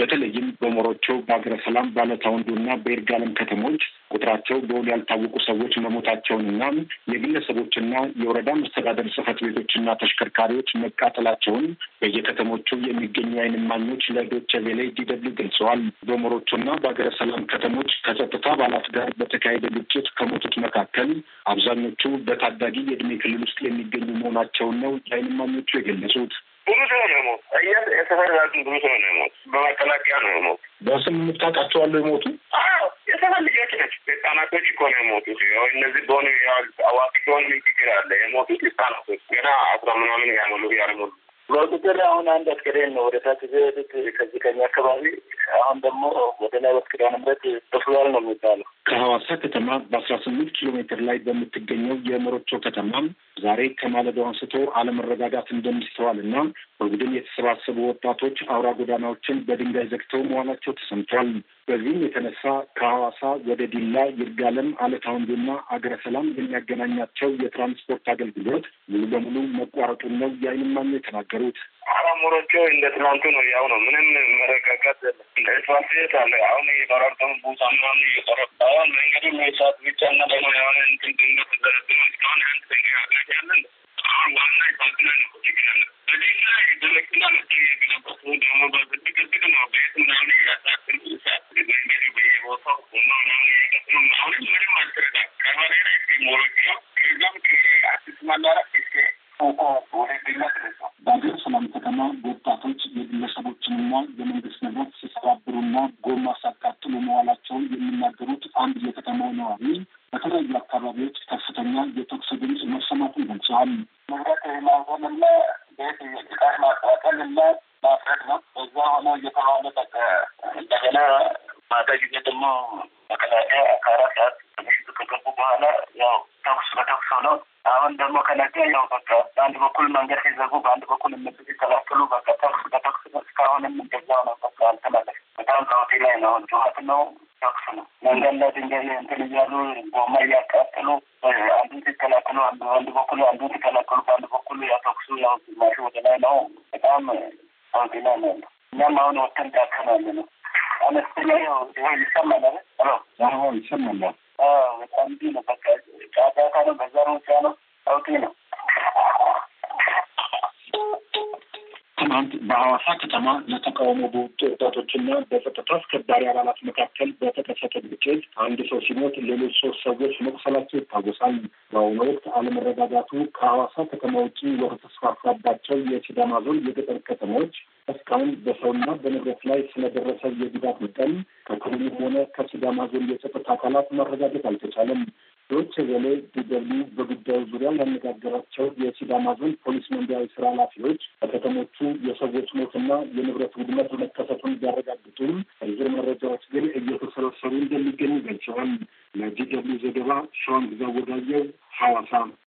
በተለይም በሞሮቾ፣ በሀገረ ሰላም፣ ባለታወንዶ እና በይርጋለም ከተሞች ቁጥራቸው በውል ያልታወቁ ሰዎች መሞታቸውንና የግለሰቦችና የወረዳ መስተዳደር ጽሕፈት ቤቶችና ተሽከርካሪዎች መቃጠላቸውን በየከተሞቹ የሚገኙ አይን ማኞች ለዶቼ ቬለ ዲደብሊው ገልጸዋል። በሞሮቾና በሀገረ ሰላም ከተሞች ከጸጥታ አባላት ጋር በተካሄደ ግጭት ከሞቱት መካከል አብዛኞቹ በታዳጊ የዕድሜ ክልል ውስጥ የሚገኙ መሆናቸውን ነው የአይን ማኞቹ የገለጹት። ብዙ ሰው ነው የሞት። እኛ የሰፈር ራሱ ብዙ ሰው ነው የሞት። በመከላከያ ነው የሞት። በስም የምታውቃቸዋለሁ የሞቱ የሰፈር ልጆች ናቸው። ህጻናቶች እኮ ነው የሞቱት። እነዚህ በሆኑ አዋቂ ሲሆን ምን ችግር አለ? የሞቱት ህጻናቶች ገና አስራ ምናምን ያመሉ ያልሞሉ በቁጥር አሁን አንድ አስከሬን ነው ወደ ታች ከዚህ ከኛ አካባቢ አሁን ደግሞ ወደ ላይ ወስክዳ ንብረት ተፍሏል ነው የሚባለው ከሐዋሳ ከተማ በአስራ ስምንት ኪሎ ሜትር ላይ በምትገኘው የመሮቾ ከተማ ዛሬ ከማለዶ አንስቶ አለመረጋጋት እንደሚስተዋል እና በቡድን የተሰባሰቡ ወጣቶች አውራ ጎዳናዎችን በድንጋይ ዘግተው መዋላቸው ተሰምቷል። በዚህም የተነሳ ከሐዋሳ ወደ ዲላ፣ ይርጋለም፣ አለታውንዱና አገረ ሰላም የሚያገናኛቸው የትራንስፖርት አገልግሎት ሙሉ በሙሉ መቋረጡን ነው የዓይን እማኙ የተናገሩት። ሞሮቾ እንደ ትናንቱ ነው። ያው ነው። ምንም መረጋጋት ትራንስሌት አለ። አሁን የበራርተሙ ቦታ ምናምን እየቆረብ አሁን መንገዱ ሰዓት ብቻ እና ደግሞ የሆነ እንትን ድንገት ዘረብ ነው። እስካሁን አንድ ተኛ ያለን አሁን ዋና ሳትና ነው ያለ በዚህ ላይ በመኪና መጠየቅ ነበር። ደግሞ በዝግዝግ ነው ቤት ምናምን እያሳትን ሰዓት መንገድ በየቦታው ሆኖ ምናምን እየቀስሙ አሁንም ምንም አልተረዳ ከበሬ ላይ ሞሮቾ ከዛም ከአዲስ ማላራ እስከ ኮኮ በሰላም ከተማ ወጣቶች የግለሰቦችንና የመንግስት ንብረት ሲሰባብሩና ጎማ ሲያቃጥሉ መዋላቸውን የሚናገሩት አንድ የከተማው ነዋሪ በተለያዩ አካባቢዎች ከፍተኛ የተኩስ ድምፅ መሰማቱን ገልጸዋል። ንብረት ማሆንና ቤት የጭቃር ማቃጠል እና ማፍረድ ነው። በዛ ሆነ እየተባለ በቃ እንደገና ማታ ጊዜ ደግሞ መከላከያ ከአራት ሰዓት እየተጠቀሰው ነው። አሁን ደግሞ ከነገ ያው በቃ በአንድ በኩል መንገድ ሲዘጉ፣ በአንድ በኩል እነሱ ሲከላከሉ፣ በቃ ተኩስ በተኩስ እስካሁንም እንደዛው ነው። በቃ አልተመለስ በጣም ቀውጢ ላይ ነው። ጩኸት ነው፣ ተኩስ ነው። መንገድ ላይ ድንጋይ እንትን እያሉ ጎማ እያቃጠሉ አንዱን ሲከላከሉ፣ አንድ በኩል አንዱን ሲከላከሉ፣ በአንድ በኩል ያው ተኩሱ ያው ግማሽ ወደ ላይ ነው። በጣም ቀውጢ ላይ ነው። እኛም አሁን ወተን ጫካ ነው ያለ ነው። አነስተኛ ይሰማል። ይሰማል ነው በቃ ጫጫታ ነው፣ በዛ ነው፣ ውጊያ ነው፣ ነው። ትናንት በሐዋሳ ከተማ ለተቃውሞ በወጡ ወጣቶችና በጸጥታ አስከባሪ አባላት መካከል በተከሰተ ግጭት አንድ ሰው ሲሞት ሌሎች ሶስት ሰዎች መቁሰላቸው ይታወሳል። በአሁኑ ወቅት አለመረጋጋቱ ከሐዋሳ ከተማ ውጭ ወደ ተስፋፋባቸው የሲዳማ ዞን የገጠር ከተሞች እስካሁን በሰውና በንብረት ላይ ስለደረሰ የጉዳት መጠን ከክልሉም ሆነ ከሲዳማ ዞን የጸጥታ አካላት ማረጋገጥ አልተቻለም። ዶች ቬሌ ዲደብሊው በጉዳዩ ዙሪያ ያነጋገራቸው የሲዳማ ዞን ፖሊስ መምሪያ ስራ ኃላፊዎች በከተሞቹ የሰዎች ሞትና የንብረት ውድመት መከሰቱን ቢያረጋግጡም ዝርዝር መረጃዎች ግን እየተሰበሰቡ እንደሚገኙ ገልጸዋል። ለዲደብሊው ዘገባ ሸዋን ግዛ ወዳየው ሐዋሳ